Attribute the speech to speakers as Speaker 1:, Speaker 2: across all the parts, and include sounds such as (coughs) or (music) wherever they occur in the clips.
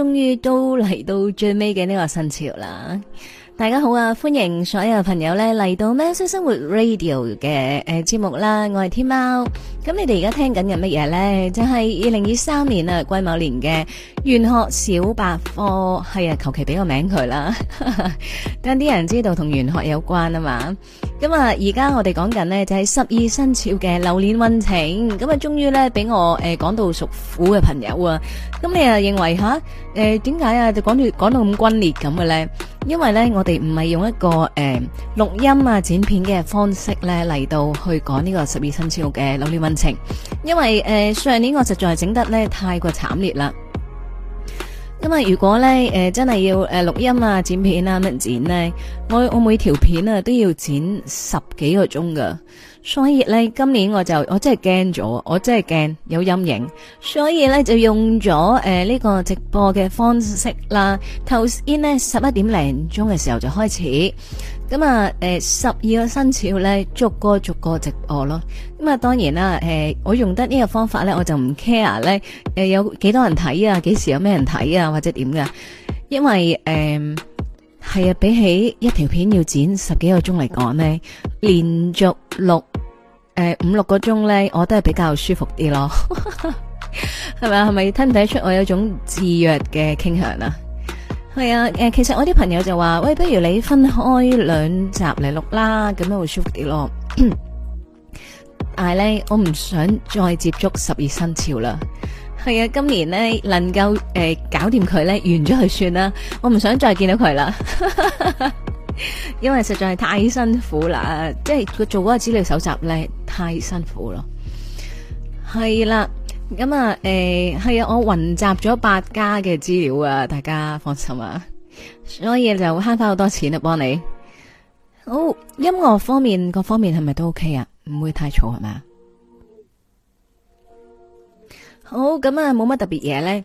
Speaker 1: 終於都嚟到最尾嘅呢個新潮啦！大家好啊，歡迎所有朋友呢嚟到《喵式生活 Radio》嘅、呃、誒節目啦！我係天喵，咁你哋而家聽緊嘅乜嘢呢？就係二零二三年啊，癸卯年嘅。玄學小百科係啊，求其俾個名佢啦，等啲人知道同玄學有關啊嘛。咁啊，而家我哋講緊咧就係十二生肖嘅流年運程。咁啊，終於咧俾我誒講到屬虎嘅朋友啊。咁你啊認為吓誒點解啊就講到講到咁轟烈咁嘅咧？因為咧我哋唔係用一個誒錄音啊剪片嘅方式咧嚟到去講呢個十二生肖嘅流年運程，因為誒上年我實在係整得咧太過慘烈啦。咁啊！如果咧，誒，真係要誒錄音啊、剪片啊乜剪咧，我我每條片啊都要剪十幾個鐘噶，所以咧今年我就我真係驚咗，我真係驚有陰影，所以咧就用咗誒呢個直播嘅方式啦，頭先呢十一點零鐘嘅時候就開始。咁啊，誒、嗯，十二個生肖咧，逐個逐個直播咯。咁啊，當然啦，誒、嗯，我用得呢個方法咧，我就唔 care 咧，誒，有幾多人睇啊，幾時有咩人睇啊，或者點噶？因為誒，係、嗯、啊，比起一條片要剪十幾個鐘嚟講咧，連續六誒、嗯、五六個鐘咧，我都係比較舒服啲咯。係咪啊？係咪睇唔睇出我有種自虐嘅傾向啊？係啊，誒、嗯，其實我啲朋友就話，喂，不如你分開兩集嚟錄啦，咁樣會舒服啲咯。 (coughs) 但係咧，我唔想再接觸十二生肖啦。係、嗯、啊，今年咧能夠誒、呃、搞掂佢咧，完咗佢算啦，我唔想再見到佢啦， (laughs) 因為實在係太辛苦啦，即係佢做嗰個資料搜集咧太辛苦咯。係、嗯、啦。嗯咁啊，誒、欸，係啊，我混集咗八家嘅資料啊，大家放心啊，所以就慳翻好多錢啦，幫你。好，音樂方面各方面係咪都 OK 啊？唔會太嘈係咪啊？好，咁啊，冇乜特別嘢咧。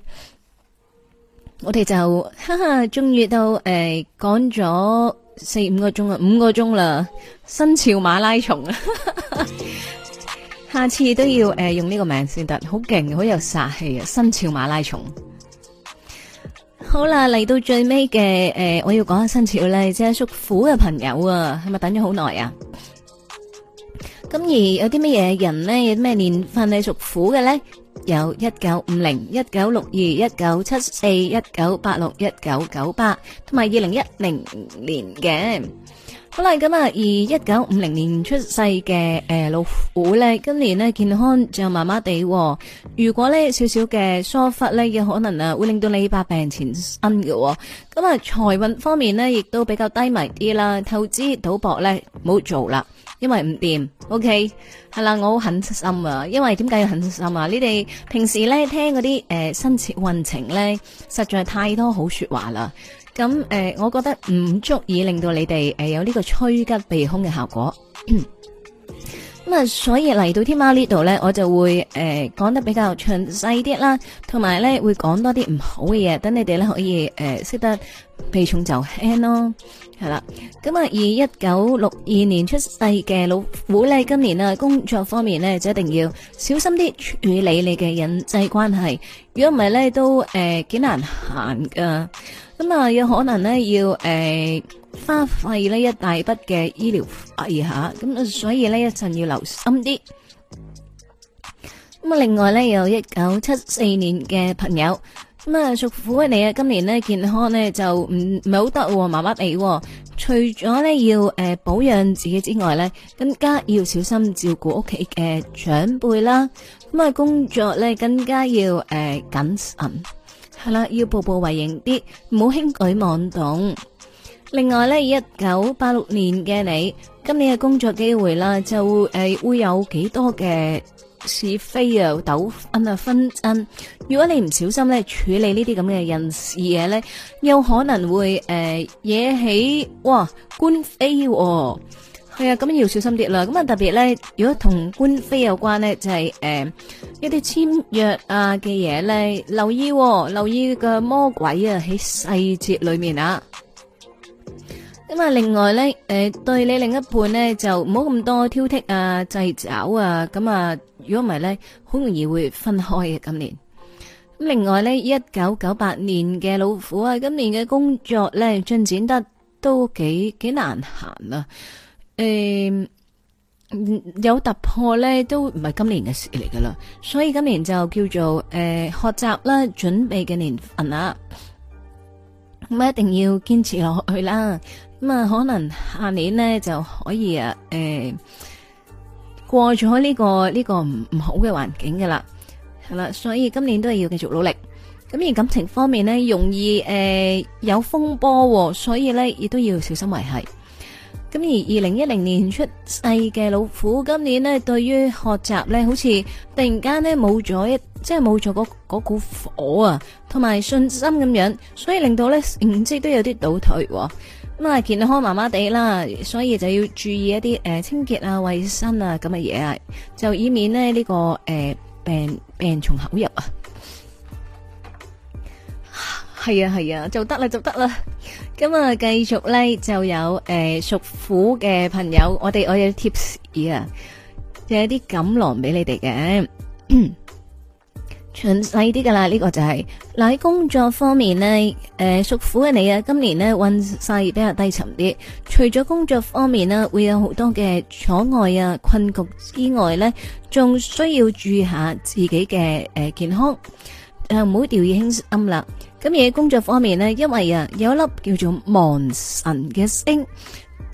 Speaker 1: 我哋就哈哈，終於到誒，講咗四五個鐘啊，五個鐘啦，新潮馬拉松啊！ (laughs) 下次都要誒、呃、用呢個名先得，好勁，好有殺氣啊！生肖馬拉松，好啦，嚟到最尾嘅誒，我要講下生肖啦，即係屬虎嘅朋友啊，係咪等咗好耐啊？咁而有啲咩嘢人呢？有啲咩年份係屬虎嘅呢？有一九五零、一九六二、一九七四、一九八六、一九九八，同埋二零一零年嘅。好啦，咁啊，而一九五零年出世嘅誒老虎咧，今年呢健康就麻麻地，如果呢少少嘅疏忽呢，有可能啊會令到你百病纏身嘅。咁啊，財運方面呢，亦都比較低迷啲啦。投資賭博呢，唔好做啦，因為唔掂。OK，係啦，我好狠心啊，因為點解要狠心啊？你哋平時呢，聽嗰啲誒新切運程呢，實在太多好說話啦。咁誒、呃，我覺得唔足以令到你哋誒、呃、有呢個趨吉避凶嘅效果。咁啊， (coughs) 所以嚟到天喵呢度呢，我就會誒、呃、講得比較詳細啲啦，同埋呢會講多啲唔好嘅嘢，等你哋呢可以誒識、呃、得避重就輕咯。係啦，咁啊，以一九六二年出世嘅老虎呢，今年啊工作方面呢就一定要小心啲處理你嘅人際關係，如果唔係呢，都誒幾、呃、難行㗎。咁啊，有可能咧要誒花費咧一大筆嘅醫療費吓，咁啊所以咧一陣要留心啲。咁啊，另外咧有一九七四年嘅朋友，咁啊屬虎嘅你啊，今年咧健康咧就唔唔係好得喎，麻麻地喎。除咗咧要誒保養自己之外咧，更加要小心照顧屋企嘅長輩啦。咁啊工作咧更加要誒謹慎。係啦，要步步為營啲，唔好輕舉妄動。另外咧，一九八六年嘅你，今年嘅工作機會啦，就誒會、呃、會有幾多嘅是非啊，鬥啊紛爭。如果你唔小心咧處理呢啲咁嘅人事嘢咧，有可能會誒、呃、惹起哇官非喎、哦。係啊，咁要小心啲啦。咁啊，特別咧，如果同官非有關咧，就係誒一啲簽約啊嘅嘢咧，留意留意個魔鬼啊喺細節裏面啊。咁啊，另外咧，誒，對你另一半咧，就唔好咁多挑剔啊、掣肘啊。咁啊，如果唔係咧，好容易會分開嘅。今年咁，另外咧，一九九八年嘅老虎啊，今年嘅工作咧進展得都幾幾難行啊。誒，有突破咧都唔係今年嘅事嚟噶啦，所以今年就叫做誒、呃、學習啦，準備嘅年份啦，咁、嗯、啊一定要堅持落去啦，咁、嗯、啊可能下年呢就可以啊誒、呃、過咗呢、這個呢、這個唔唔好嘅環境噶啦，係啦，所以今年都係要繼續努力。咁而感情方面呢容易誒、呃、有風波、哦，所以呢亦都要小心維繫。咁而二零一零年出世嘅老虎，今年呢對於學習呢好似突然間呢冇咗一，即係冇咗嗰股火啊，同埋信心咁樣，所以令到呢成績都有啲倒退。咁啊，健康麻麻地啦，所以就要注意一啲誒清潔啊、衛生啊咁嘅嘢啊，就以免呢、這、呢個誒、呃、病病從口入啊。係啊係啊，就得啦就得啦。咁啊，繼續咧就有誒屬虎嘅朋友，我哋我有貼士啊，就有啲錦囊俾你哋嘅，詳細啲噶啦。呢、 (coughs) 個就係、是、嗱，喺工作方面咧，誒屬虎嘅你啊，今年呢，運勢比較低沉啲。除咗工作方面呢，會有好多嘅阻礙啊、困局之外呢，仲需要注意下自己嘅誒、呃、健康，誒唔好掉以輕心啦。咁而喺工作方面咧，因為啊有一粒叫做亡神嘅星，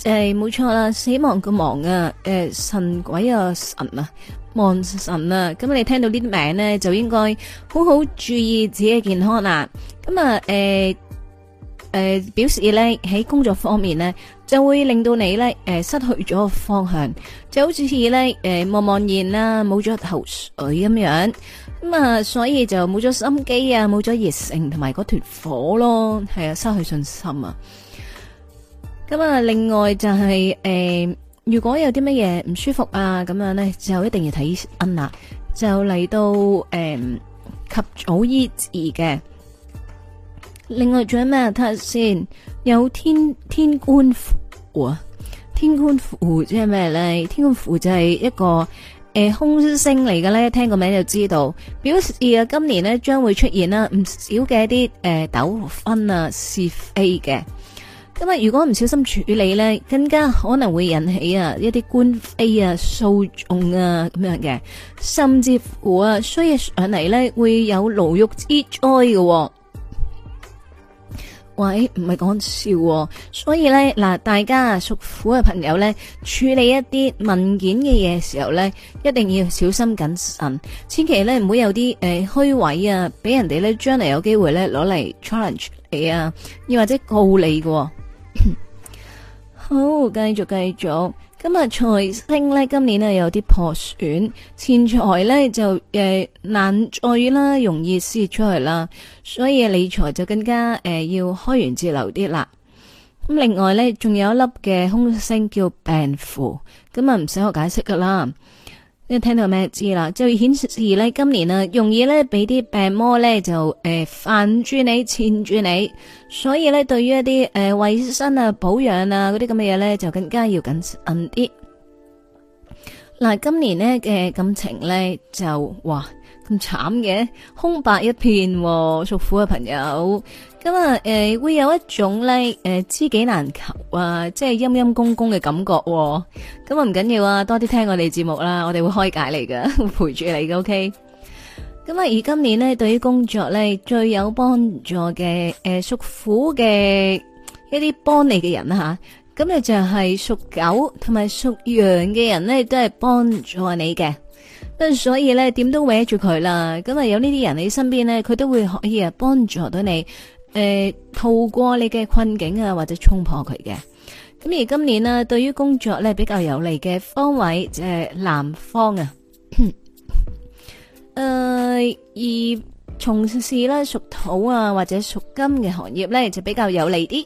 Speaker 1: 誒冇錯啦，死亡個亡啊，誒神鬼個神啊，亡神啊，咁你聽到呢啲名咧，就應該好好注意自己嘅健康啦。咁啊，誒誒表示咧喺工作方面咧，就會令到你咧誒失去咗方向，就好似似咧誒望望然啦，冇咗一頭水咁樣。咁啊，所以就冇咗心機啊，冇咗熱誠同埋嗰團火咯，係啊，失去信心啊。咁啊，另外就係誒，如果有啲乜嘢唔舒服啊，咁樣咧就一定要睇恩啦，就嚟到誒及早醫治嘅。另外仲有咩睇先？有天天官符啊，天官符即係咩咧？天官符就係一個。誒、呃，空聲嚟嘅咧，聽個名就知道，表示啊，今年呢將會出現啦唔少嘅一啲誒糾紛啊是非嘅。咁啊，如果唔小心處理呢更加可能會引起啊一啲官非啊訴訟啊咁樣嘅，甚至乎啊衰上嚟呢會有牢獄之災嘅、啊。喂，唔係講笑，所以呢，嗱，大家屬虎嘅朋友呢，處理一啲文件嘅嘢時候呢，一定要小心謹慎，千祈咧唔好有啲誒虛位啊，俾人哋咧將嚟有機會咧攞嚟 challenge 你啊，又或者告你嘅、啊。 (coughs) 好，繼續繼續。繼續咁啊，財星呢今年有啲破損，錢財呢就誒、呃、難再啦，容易洩出去啦，所以理財就更加誒、呃、要開源節流啲啦。咁另外呢，仲有一粒嘅凶星叫病符，咁啊唔使我解釋噶啦。一聽到咩知啦，就會顯示咧今年啊容易咧俾啲病魔咧就誒犯住你纏住你，所以咧對於一啲誒、呃、衛生啊保養啊嗰啲咁嘅嘢，咧就更加要謹慎啲。嗱，今年咧嘅感情咧就哇咁慘嘅，空白一片喎，屬虎嘅朋友，咁啊誒會有一種咧誒知己難求啊，即係陰陰公公嘅感覺喎，咁啊唔緊要啊，多啲聽我哋節目啦，我哋會開解你噶， (laughs) 會陪住你嘅。OK 咁啊，而今年呢，對於工作咧最有幫助嘅誒屬虎嘅一啲幫你嘅人啊吓。咁你就係屬狗同埋屬羊嘅人呢，都係幫助你嘅。所以呢，點都搲住佢啦。咁啊，有呢啲人喺身邊呢，佢都會可以啊幫助到你，誒、呃，透過你嘅困境啊，或者衝破佢嘅。咁而今年呢，對於工作呢，比較有利嘅方位就係、是、南方啊。誒、 (coughs) 呃，而從事啦屬土啊或者屬金嘅行業呢，就比較有利啲。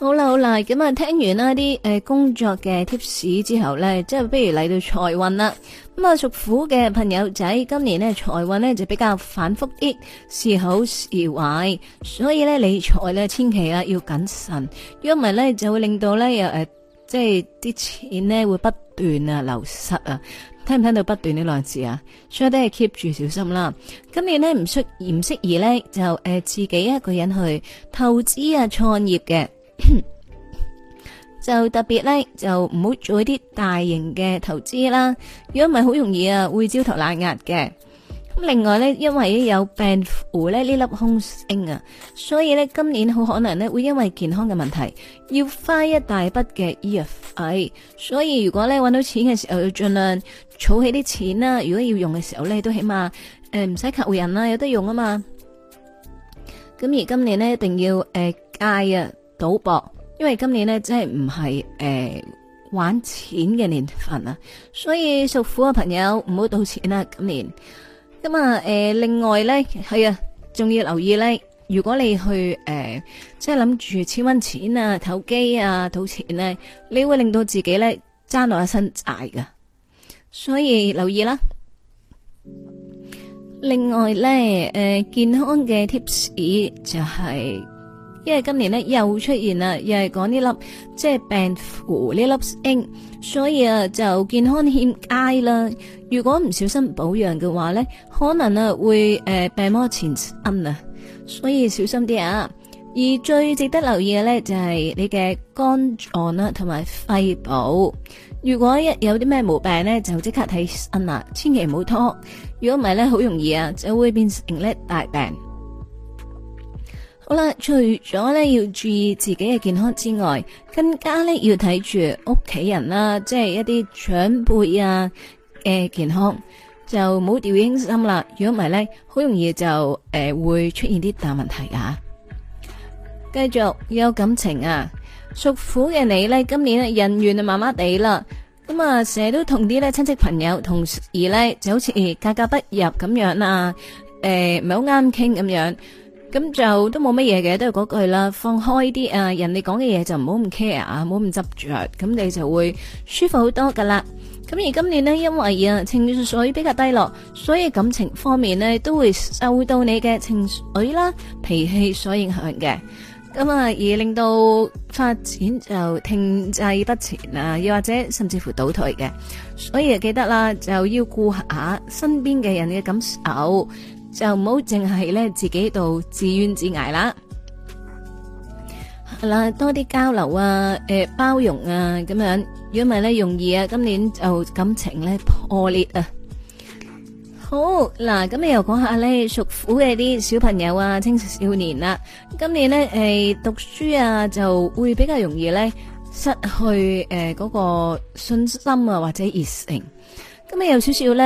Speaker 1: 好啦，好啦，咁啊，聽完啦啲誒工作嘅 tips 之後咧，即係不如嚟到財運啦。咁啊，屬虎嘅朋友仔，今年咧財運咧就比較反覆啲，時好時壞，所以咧理財咧千祈啊要謹慎，如果唔係咧就會令到咧又誒即係啲錢咧會不斷啊流失啊。聽唔聽到不斷呢兩字啊？所以都係 keep 住小心啦。今年咧唔適唔適宜咧，就誒自己一個人去投資啊，創業嘅。就特別呢，就唔好做啲大型嘅投資啦。如果唔係，好容易啊，會焦頭爛額嘅。咁另外呢，因為有病符呢呢粒空星啊，所以呢今年好可能呢會因為健康嘅問題要花一大筆嘅醫藥費。所以如果呢揾到錢嘅時候，要盡量儲起啲錢啦。如果要用嘅時候呢，都起碼誒唔使求人啦，有得用啊嘛。咁而今年呢，一定要誒戒啊！賭博，因為今年咧真係唔係誒玩錢嘅年份啊，所以屬虎嘅朋友唔好賭錢啦。今年，咁啊誒，另外咧係啊，仲要留意咧，如果你去誒、呃、即係諗住千蚊錢啊、投機啊、賭錢咧，你會令到自己咧爭落一身債噶，所以留意啦。另外咧，誒、呃、健康嘅 tips 就係、是。因為今年咧又出現啦，又係講呢粒即係病符呢粒星。所以啊就健康欠佳啦。如果唔小心保養嘅話咧，可能啊會誒病魔前侵啊，所以小心啲啊。而最值得留意嘅咧就係你嘅肝臟啦，同埋肺部。如果一有啲咩毛病咧，就即刻睇醫生啦，千祈唔好拖。如果唔係咧，好容易啊就會變成咧大病。好啦，除咗咧要注意自己嘅健康之外，更加咧要睇住屋企人啦、啊，即係一啲長輩啊嘅、欸、健康，就冇掉輕心啦。如果唔係咧，好容易就誒、欸、會出現啲大問題㗎！繼續有感情啊，屬虎嘅你咧，今年人緣啊麻麻地啦，咁啊成日都同啲咧親戚朋友同事咧就好似格格不入咁樣啊，誒唔係好啱傾咁樣。咁就都冇乜嘢嘅，都係嗰句啦，放開啲啊！人哋講嘅嘢就唔好咁 care 啊，唔好咁執着，咁你就會舒服好多噶啦。咁而今年呢，因為啊情緒比較低落，所以感情方面呢都會受到你嘅情緒啦、脾氣所影響嘅。咁啊而令到發展就停滯不前啊，又或者甚至乎倒退嘅。所以啊，記得啦，就要顧下身邊嘅人嘅感受。就唔好淨係咧自己度自怨自艾啦，嗱多啲交流啊，誒、呃、包容啊，咁樣如果唔係咧，容易啊今年就感情咧破裂啊。好嗱，咁你又講下咧屬虎嘅啲小朋友啊、青少年啦，今年呢，誒、呃、讀書啊就會比較容易咧失去誒嗰、呃那個信心啊或者熱情，咁你有少少咧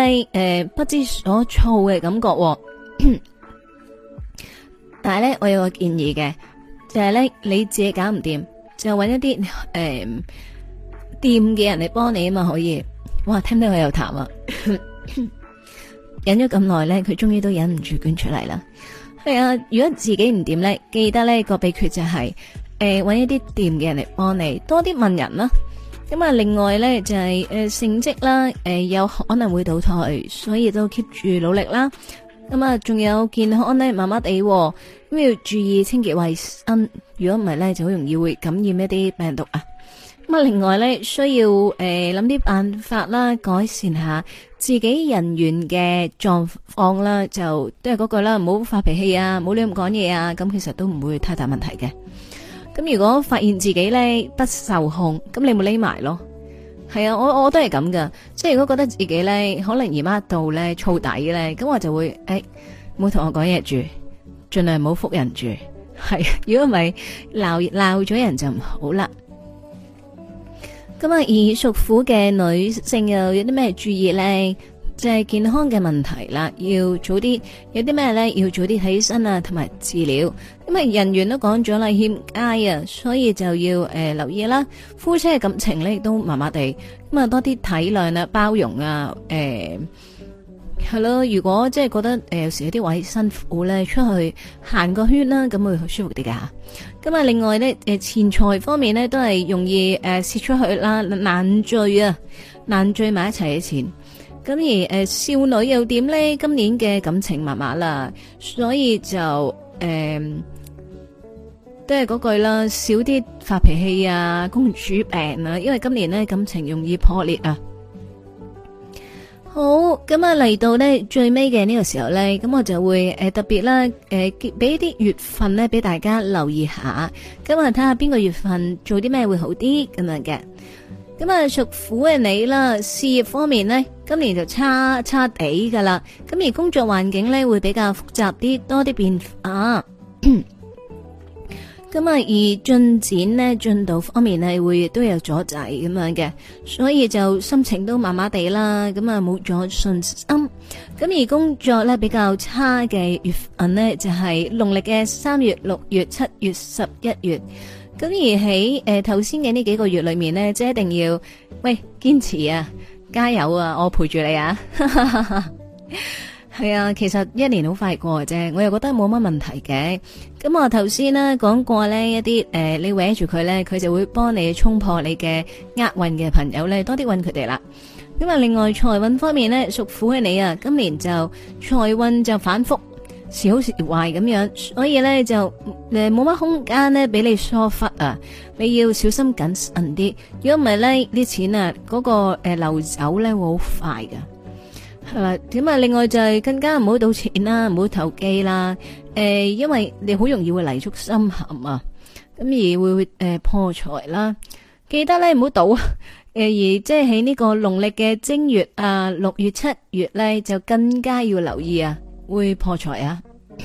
Speaker 1: 誒不知所措嘅感覺、啊。 (coughs) 但係咧，我有個建議嘅，就係、是、咧你自己搞唔掂，就揾一啲誒掂嘅人嚟幫你啊嘛，可以。哇，聽到我有痰啊， (coughs) 忍咗咁耐咧，佢終於都忍唔住捐出嚟啦。係啊，如果自己唔掂咧，記得呢、那個秘訣就係誒揾一啲掂嘅人嚟幫你，多啲問人啦。咁啊，另外咧就係誒成績啦，誒、呃、有可能會倒退，所以都 keep 住努力啦。咁啊，仲有健康咧，麻麻地，咁要注意清潔衛生。如果唔係咧，就好容易會感染一啲病毒啊。咁啊，另外咧需要誒諗啲辦法啦，改善下自己人緣嘅狀況啦，就都係嗰句啦，唔好發脾氣啊，唔好亂咁講嘢啊，咁其實都唔會太大問題嘅。咁如果發現自己咧不受控，咁你咪匿埋咯。係啊，我我都係咁噶，即係如果覺得自己咧可能姨媽到咧燥底咧，咁我就會誒，唔好、欸、同我講嘢住，盡量唔好覆人住，係如果唔係鬧鬧咗人就唔好啦。咁啊，而屬虎嘅女性又有啲咩注意咧？即係健康嘅問題啦，要早啲有啲咩咧？要早啲起身啊，同埋治療。咁啊，人員都講咗啦，欠佳啊，所以就要誒、呃、留意啦。夫妻嘅感情咧亦都麻麻地，咁啊多啲體諒啊，包容啊，誒係咯。如果即係覺得誒有時有啲位置辛苦咧，出去行個圈啦，啊，咁會好舒服啲㗎。咁啊，另外呢，誒、呃、錢財方面呢，都係容易誒洩、呃、出去啦，難聚啊，難聚埋一齊嘅錢。咁而誒、呃、少女又點咧？今年嘅感情麻麻啦，所以就誒、呃、都係嗰句啦，少啲發脾氣啊，公主病啊，因為今年咧感情容易破裂啊。好，咁啊嚟到呢最尾嘅呢個時候咧，咁、嗯、我就會誒、呃、特別啦，誒俾啲月份咧俾大家留意下，咁啊睇下邊個月份做啲咩會好啲咁樣嘅。咁啊，屬虎嘅你啦，事業方面呢，今年就差差地噶啦。咁而工作環境呢，會比較複雜啲，多啲變化。咁啊， (coughs) 而進展呢，進度方面呢會都有阻滯咁樣嘅，所以就心情都麻麻地啦。咁啊，冇咗信心。咁而工作呢，比較差嘅月份呢，就係農曆嘅三月、六月、七月、十一月。咁而喺誒頭先嘅呢幾個月裏面呢，即係一定要喂堅持啊，加油啊，我陪住你啊，係哈哈哈哈啊，其實一年好快過啫，我又覺得冇乜問題嘅。咁我頭先呢講過呢一啲誒、呃，你搵住佢呢，佢就會幫你衝破你嘅厄運嘅朋友呢，多啲揾佢哋啦。咁啊，另外財運方面呢，屬虎嘅你啊，今年就財運就反復。時好時壞咁樣，所以咧就誒冇乜空間咧俾你疏忽啊！你要小心謹慎啲，如果唔係咧，啲錢啊嗰、嗰個誒、呃、流走咧會好快㗎。係啦，點啊？另外就係更加唔好賭錢、啊、啦，唔好投機啦。誒，因為你好容易會泥足深陷啊，咁而會誒、呃、破財啦。記得咧唔好賭，誒而即係喺呢個農曆嘅正月啊、六月、七月咧就更加要留意啊！會破財啊！ (coughs)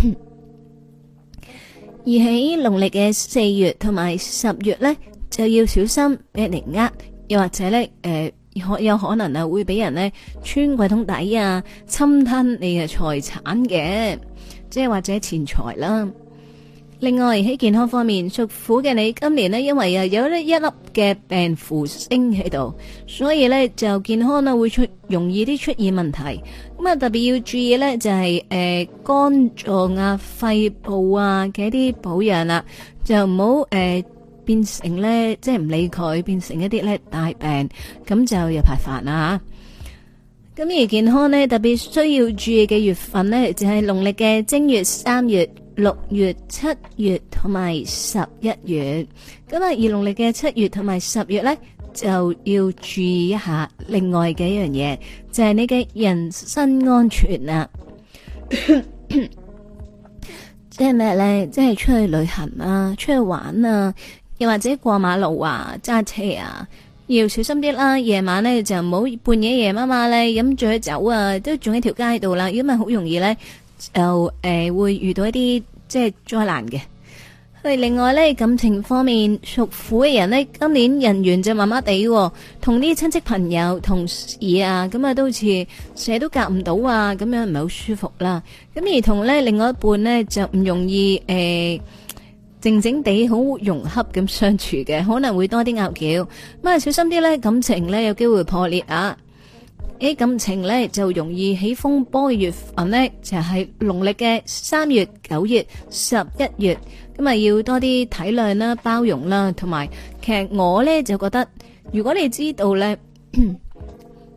Speaker 1: 而喺農曆嘅四月同埋十月呢，就要小心俾人哋呃，又或者呢，誒、呃，可有，有可能啊，會俾人呢穿櫃桶底啊，侵吞你嘅財產嘅，即係或者錢財啦。另外喺健康方面，屬虎嘅你今年呢，因為啊有一粒嘅病符星喺度，所以呢，就健康啊會出容易啲出現問題。咁啊特別要注意呢，就係、是、誒、呃、肝臟啊、肺部啊嘅一啲保養啦、啊，就唔好誒變成呢，即係唔理佢，變成一啲呢大病，咁就有排煩啦。吓、嗯。咁而健康呢，特別需要注意嘅月份呢，就係、是、農曆嘅正月、三月。六月、七月同埋十一月，咁啊，而農曆嘅七月同埋十月呢，就要注意一下另外嘅一樣嘢，就係你嘅人身安全啊。即係咩呢？即係出去旅行啊，出去玩啊，又或者過馬路啊、揸車啊，要小心啲啦。夜晚呢，就唔好半夜夜媽媽呢飲醉酒啊，都仲喺條街度啦，如果唔係好容易呢。就誒、呃、會遇到一啲即係災難嘅。另外呢，感情方面屬虎嘅人呢，今年人緣就麻麻地，同啲親戚朋友同事啊，咁啊都好似成日都夾唔到啊，咁樣唔係好舒服啦、啊。咁而同呢另外一半呢，就唔容易誒靜靜地好融洽咁相處嘅，可能會多啲拗撬。咁啊小心啲呢，感情呢有機會破裂啊！誒，感情呢就容易起風波嘅月份呢，就係農曆嘅三月、九月、十一月，咁啊要多啲體諒啦、包容啦，同埋其實我呢就覺得，如果你知道呢，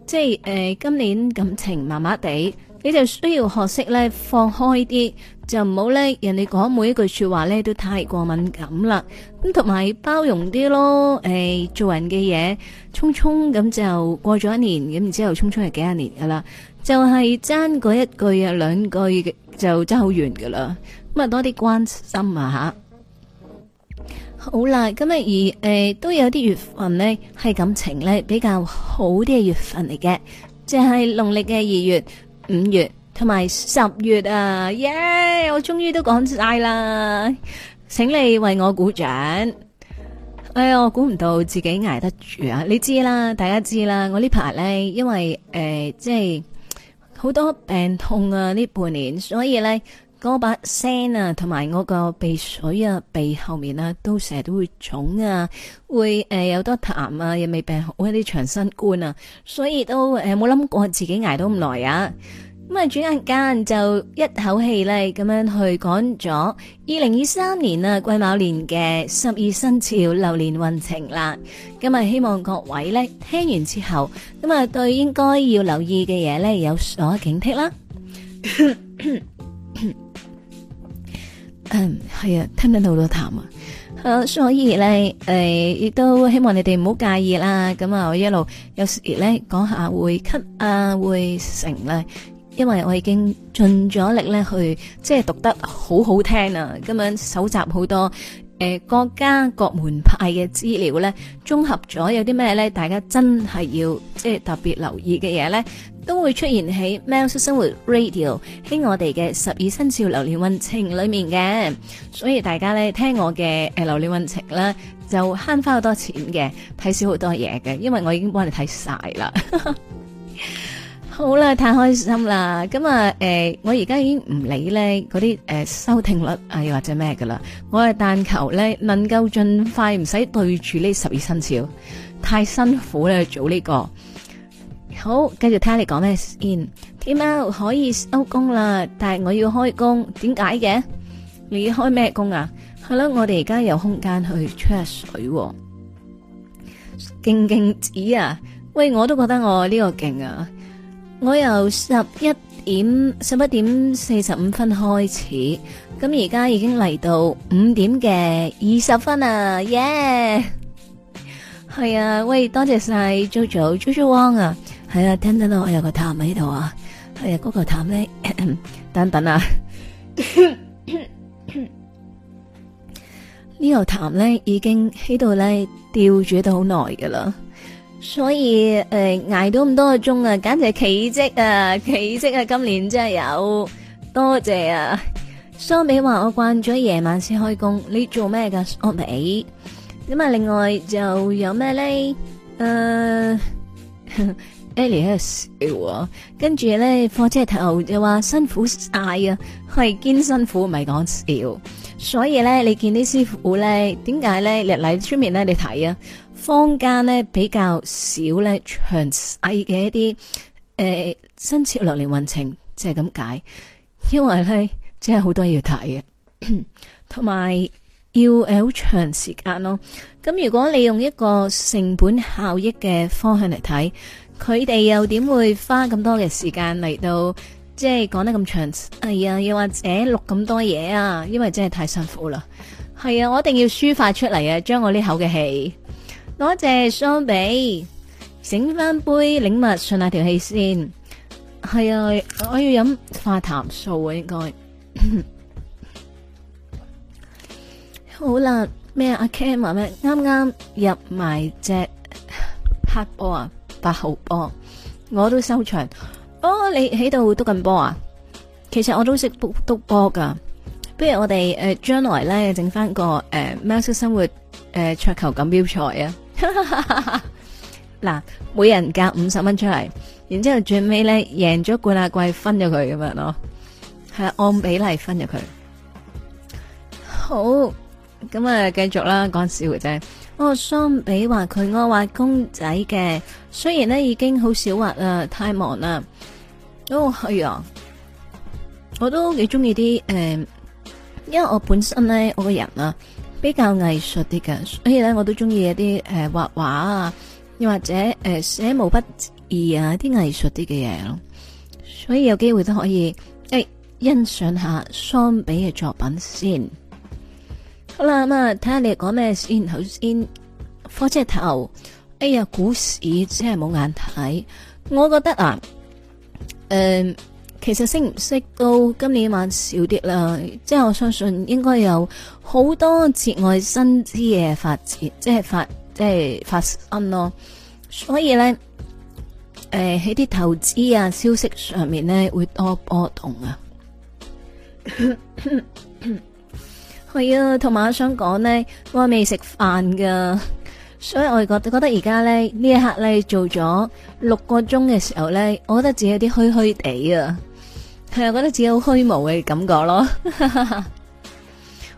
Speaker 1: 即係、呃、今年感情麻麻地，你就需要學識呢，放開啲。就唔好咧，人哋講每一句說話咧都太過敏感啦，咁同埋包容啲咯。誒、哎，做人嘅嘢，匆匆咁就過咗一年，咁然之後匆匆係幾廿年噶啦，就係爭嗰一句啊兩句就爭好遠噶啦。咁啊多啲關心啊吓。好啦，咁啊而誒、哎、都有啲月份呢係感情呢比較好啲嘅月份嚟嘅，即、就、係、是、農曆嘅二月、五月。同埋十月啊，耶、yeah,！我終於都講晒啦，請你為我鼓掌。哎呀，我估唔到自己捱得住啊！你知啦，大家知啦，我呢排咧，因為誒、呃，即係好多病痛啊，呢半年，所以咧，我把聲啊，同埋我個鼻水啊，鼻後面啊，都成日都會腫啊，會誒、呃、有多痰啊，又未病好一啲長新冠啊，所以都誒冇諗過自己捱到咁耐啊！咁啊，轉眼間就一口氣咧咁樣去講咗二零二三年啊，癸卯年嘅十二生肖流年運程啦。咁啊，希望各位咧聽完之後，咁啊對應該要留意嘅嘢咧有所警惕啦。嗯，係啊，聽得多好多談啊，啊，所以咧誒，亦都希望你哋唔好介意啦。咁啊，我一路有時咧講下會咳啊，會成啊。因為我已經盡咗力咧去即係讀得好好聽啊，咁樣搜集好多誒、呃、國家各門派嘅資料咧，綜合咗有啲咩咧，大家真係要即係、呃、特別留意嘅嘢咧，都會出現喺《喵式生活 Radio》喺我哋嘅十二生肖流年運程裏面嘅，所以大家咧聽我嘅誒流年運程啦，就慳翻好多錢嘅，睇少好多嘢嘅，因為我已經幫你睇晒啦。 (laughs) 好啦，太開心啦！咁啊，誒、欸，我而家已經唔理咧嗰啲誒收聽率啊，又、哎、或者咩噶啦。我係但求咧能夠盡快唔使對住呢十二生肖太辛苦啦，做呢、這個好繼續聽下你講咩先。天喵、啊、可以收工啦，但係我要開工，點解嘅？你要開咩工啊？係咯，我哋而家有空間去吹下水勁、啊、勁子啊！喂，我都覺得我呢個勁啊！我由十一點、十一點四十五分開始，咁而家已經嚟到五點嘅二十分喇！耶，係啊，喂，多謝晒，Jojo，Jojo Wong 啊，係啊，聽唔聽到我有個痰喺度啊？係啊，嗰、嗰個痰咧，等等啊， (laughs) 這個呢個痰咧已經喺度咧吊住咗好耐噶啦。所以誒，挨到咁多個鐘啊，簡直係奇蹟啊，奇蹟啊！今年真係有多謝啊！蘇美話我慣咗夜晚先開工，你做咩噶？蘇美，咁啊，另外就有咩咧？誒，Alice 喺度笑，跟住咧，貨車頭就話辛苦晒啊，係堅辛苦，唔係講笑。所以咧，你見啲師傅咧，點解咧日嚟出面咧，你睇啊？坊間咧比較少咧詳細嘅一啲誒、呃、新潮流年運程，即係咁解，因為咧真係好多嘢要睇嘅，同埋 (coughs) 要好、呃、長時間咯。咁如果你用一個成本效益嘅方向嚟睇，佢哋又點會花咁多嘅時間嚟到即係講得咁長？係、哎、啊，又或者錄咁多嘢啊？因為真係太辛苦啦。係啊，我一定要抒發出嚟啊，將我呢口嘅氣。多謝雙比，醒翻杯領物，檸蜜順下條氣先。係啊，我要飲化痰素啊，應該。 (laughs) 好啦，咩啊？阿 Ken 話咩？啱啱入埋隻黑波啊，八號波，我都收場。哦，你喺度篤緊波啊？其實我都識篤篤波噶。不如我哋誒將來咧整翻個誒喵式生活誒桌、呃、球錦標賽啊！嗱， (laughs) 每人夾五十蚊出嚟，然之後最尾咧贏咗冠亞、啊、季分咗佢咁樣咯，係、嗯、按比例分咗佢。好，咁啊繼續啦，講笑嘅啫、哦。我相比話佢，我畫公仔嘅。雖然咧已經好少畫啦，太忙啦。都、哦、係啊，我都幾中意啲誒，因為我本身咧我個人啊。比較藝術啲嘅，所以咧我都中意一啲誒畫畫啊，又或者誒寫毛筆字啊，啲藝術啲嘅嘢咯。所以有機會都可以誒、欸、欣賞下雙比嘅作品先。好啦，咁啊睇下你哋講咩先，頭先火車頭。哎呀，股市真係冇眼睇。我覺得啊，誒、呃。其實升唔升都今年晚少啲啦，即係我相信應該有好多節外生枝嘅發展，即係發即係發生咯。所以咧，誒喺啲投資啊消息上面咧會多波動 (coughs) (coughs) 啊。係啊，同埋我想講呢，我未食飯噶，所以我覺得覺得而家咧呢一刻咧做咗六個鐘嘅時，時候咧，我覺得自己有啲虛虛地啊。係啊，覺得自己好虛無嘅感覺咯，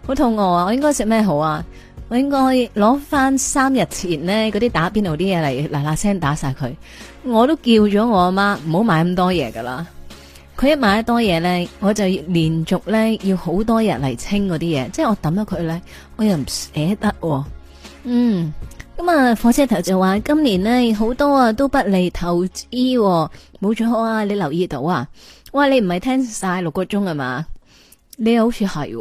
Speaker 1: 好肚餓啊！我應該食咩好啊？我應該攞翻三日前呢嗰啲打邊爐啲嘢嚟嗱嗱聲打晒佢。我都叫咗我阿媽唔好買咁多嘢噶啦。佢一買得多嘢咧，我就連續咧要好多日嚟清嗰啲嘢。即係我抌咗佢咧，我又唔捨得。嗯，咁啊，火車頭就話今年呢好多啊都不利投資，冇咗好啊，你留意到啊。哇！你唔係聽晒六個鐘係嘛？你又好似係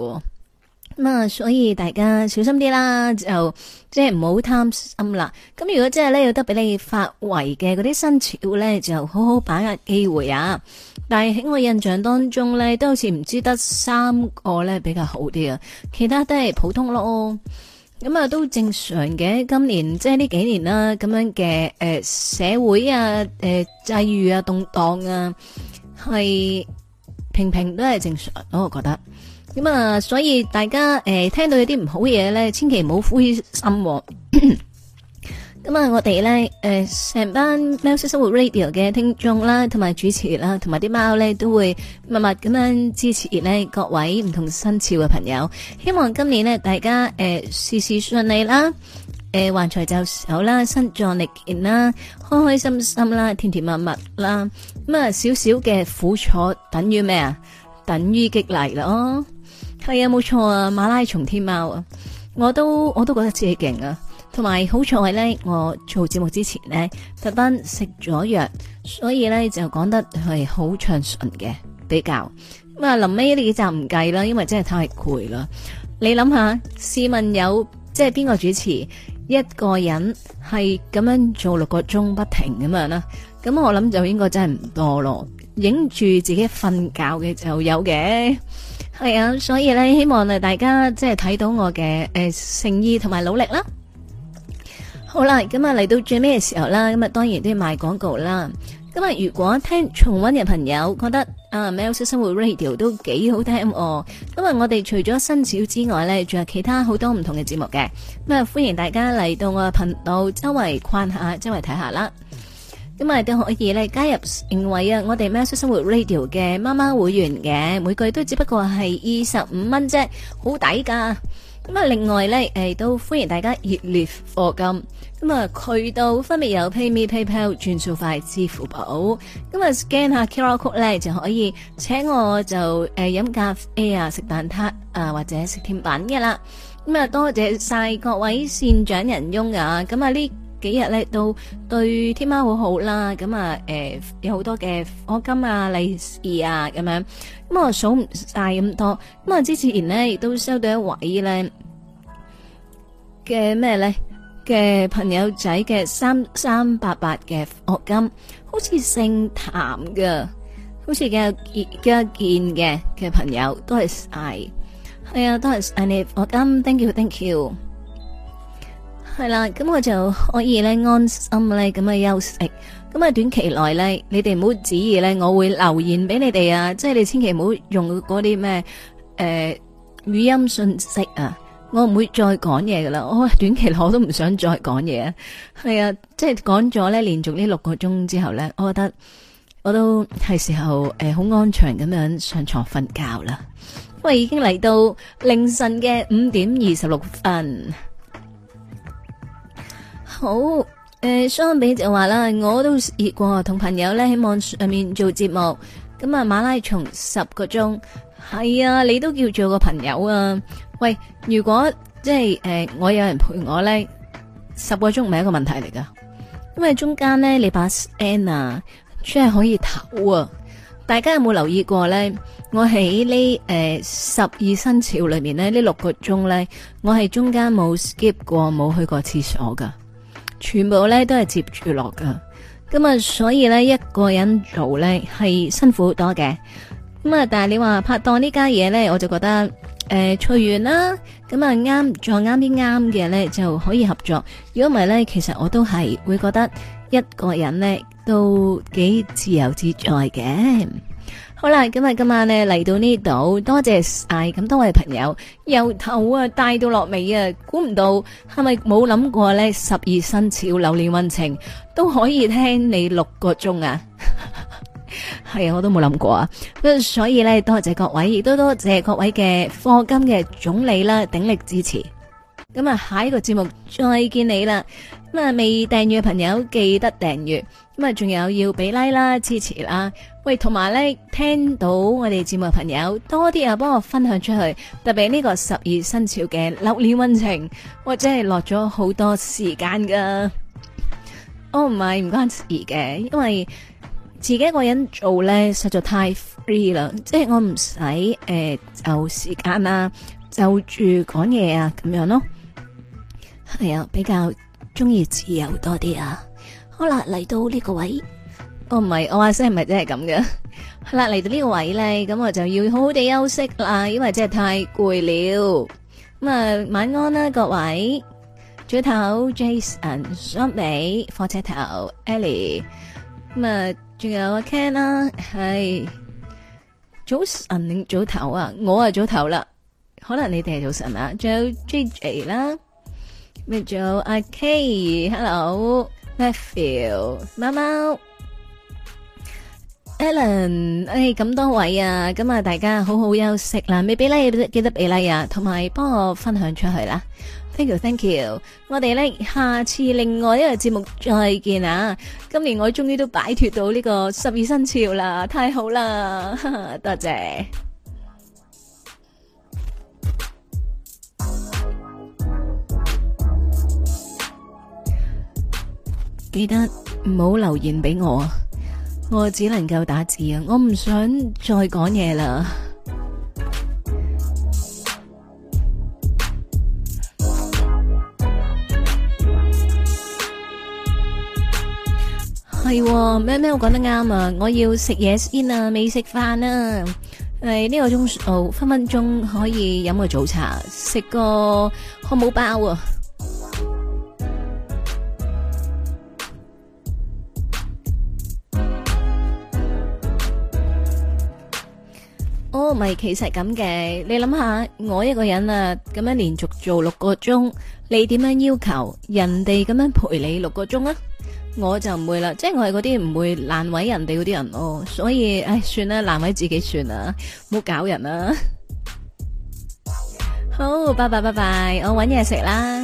Speaker 1: 咁啊！所以大家小心啲啦，就即係唔好貪心啦。咁如果真係咧有得俾你發圍嘅嗰啲新潮咧，就好好把握機會啊！但係喺我印象當中咧，都好似唔知得三個咧比較好啲啊，其他都係普通咯、哦。咁啊，都正常嘅。今年即係呢幾年啦，咁樣嘅誒、呃、社會啊，誒際遇啊動盪啊。動盪啊。係平平都係正常囉，我覺得。咁啊，所以大家誒聽到有啲唔好嘢咧，千祈唔好灰心。咁啊，我哋咧誒成班喵式生活 Radio 嘅聽眾啦，同埋主持啦，同埋啲貓咧都會默默咁樣支持咧各位唔同生肖嘅朋友。希望今年咧大家誒事事順利啦。誒，橫財就手啦，身壯力健啦，開開心心啦，甜甜蜜蜜啦，咁啊，少少嘅苦楚等於咩啊？等於激勵啦，哦，係啊，冇錯啊，馬拉松天貓啊，我都我都覺得自己勁啊，同埋好彩咧，我做節目之前咧，特登食咗藥，所以咧就講得係好暢順嘅比較，咁、嗯、啊，臨尾呢幾集唔計啦，因為真係太攰啦。你諗下，試問有即係邊個主持？一個人係咁樣做六個鐘不停咁樣啦，咁我諗就應該真係唔多咯。影住自己瞓覺嘅就有嘅，係啊，所以咧希望誒大家即係睇到我嘅誒誠意同埋努力啦。好啦，咁啊嚟到最尾嘅時候啦，咁啊當然都要賣廣告啦。今日如果聽重溫嘅朋友覺得啊，喵式生活 Radio 都幾好聽哦。今日我哋除咗新小之外咧，仲有其他好多唔同嘅節目嘅。咁啊，歡迎大家嚟到我嘅頻道周圍逛下，周圍睇下啦。咁啊，都可以咧加入成為啊我哋喵式生活 Radio 嘅媽媽會員嘅，每個月都只不過係二十五蚊啫，好抵㗎。咁啊，另外咧，誒，都歡迎大家熱烈課金。咁啊，渠道分別有 PayMe、PayPal、轉數快、支付寶。咁啊，scan 下 QR code 咧就可以請我就誒飲咖啡啊，食蛋撻啊，或者食甜品嘅啦。咁啊，多謝曬各位善長仁翁啊！咁啊，呢幾日咧都對天貓好好啦。咁啊，誒有好多嘅課金啊、利是啊咁樣。咁我數唔曬咁多。咁啊，之前咧亦都收到一位咧嘅咩咧？嘅朋友仔嘅三三八八嘅學金，好似姓譚噶，好似嘅而家見嘅嘅朋友，都係 I 係啊，都係 I，你學金，thank you，thank you，係啦，咁我就可以咧安心咧咁啊休息，咁啊短期內咧，你哋唔好指意咧，我會留言俾你哋啊，即係你千祈唔好用嗰啲咩誒語音信息啊。我唔會再講嘢噶啦，我短期內我都唔想再講嘢。係啊，即係講咗咧，連續呢六個鐘之後呢，我覺得我都係時候誒，好、呃、安詳咁樣上床瞓覺啦。喂，已經嚟到凌晨嘅五點二十六分。好誒、呃，相比就話啦，我都熱過同朋友呢，喺網上面做節目，咁啊馬拉松十個鐘，係啊，你都叫做個朋友啊。喂，如果即係誒、呃，我有人陪我咧，十個鐘唔係一個問題嚟噶，因為中間咧你把 n 啊，即係可以唞啊。大家有冇留意過咧？我喺呢誒十二生肖裏面咧，呢六個鐘咧，我係中間冇 skip 過，冇去過廁所噶，全部咧都係接住落噶。咁啊，所以咧一個人做咧係辛苦好多嘅。咁啊，但係你話拍檔呢家嘢咧，我就覺得。誒，隨緣啦，咁啊啱，再啱啲啱嘅咧就可以合作。如果唔係咧，其實我都係會覺得一個人咧都幾自由自在嘅。好啦，今日今晚咧嚟到呢度，多謝晒咁多位朋友，由頭啊帶到落尾啊，估唔到係咪冇諗過咧十二生肖流年運程都可以聽你六個鐘啊！係啊，我都冇諗過啊，所以咧，多謝各位，亦都多謝各位嘅課金嘅總理啦，鼎力支持。咁啊，下一個節目再見你啦。咁啊，未訂閱嘅朋友記得訂閱。咁啊，仲有要俾拉啦，支持啦。喂，同埋咧，聽到我哋節目嘅朋友多啲啊，幫我分享出去。特別呢個十二生肖嘅流年運程，我真係落咗好多時間噶。我唔係唔關事嘅，因為。自己一個人做咧，實在太 free 啦，即係我唔使誒就時間啊，就住講嘢啊咁樣咯。係啊，比較中意自由多啲啊。好啦，嚟到呢個位，哦，唔係我話聲唔係真係咁嘅。好啦，嚟到呢個位咧，咁我就要好好哋休息啦，因為真係太攰了。咁啊，晚安啦，各位。豬頭，Jason，嗯，雙美，火車頭，Ellie。咁啊，仲有阿 Ken 啦，係早晨早唞啊，我啊早唞啦，可能你哋係早晨啊，仲有 JJ 啦，仲有阿 K，Hello，Matthew，貓貓，Ellen，哎，咁多位啊，咁啊，大家好好休息啦，未俾 like 記得俾 like 啊，同埋幫我分享出去啦。Thank you, thank you。我哋呢，下次另外一個節目再見啊！今年我終於都擺脫到呢個十二生肖啦，太好啦！多謝，記得唔好留言俾我啊！我只能夠打字啊，我唔想再講嘢啦。係咩咩？我講得啱啊！我要食嘢先啊，未食飯啊！誒，呢個鐘哦，分分鐘可以飲個早茶，食個漢堡包啊！哦，唔係其實咁嘅，你諗下，我一個人啊，咁樣連續做六個鐘，你點樣要求人哋咁樣陪你六個鐘啊？我就唔會啦，即係我係嗰啲唔會難為人哋嗰啲人哦，所以唉算啦，難為自己算啦，唔好搞人啦。好，拜拜，拜拜，我搵嘢食啦。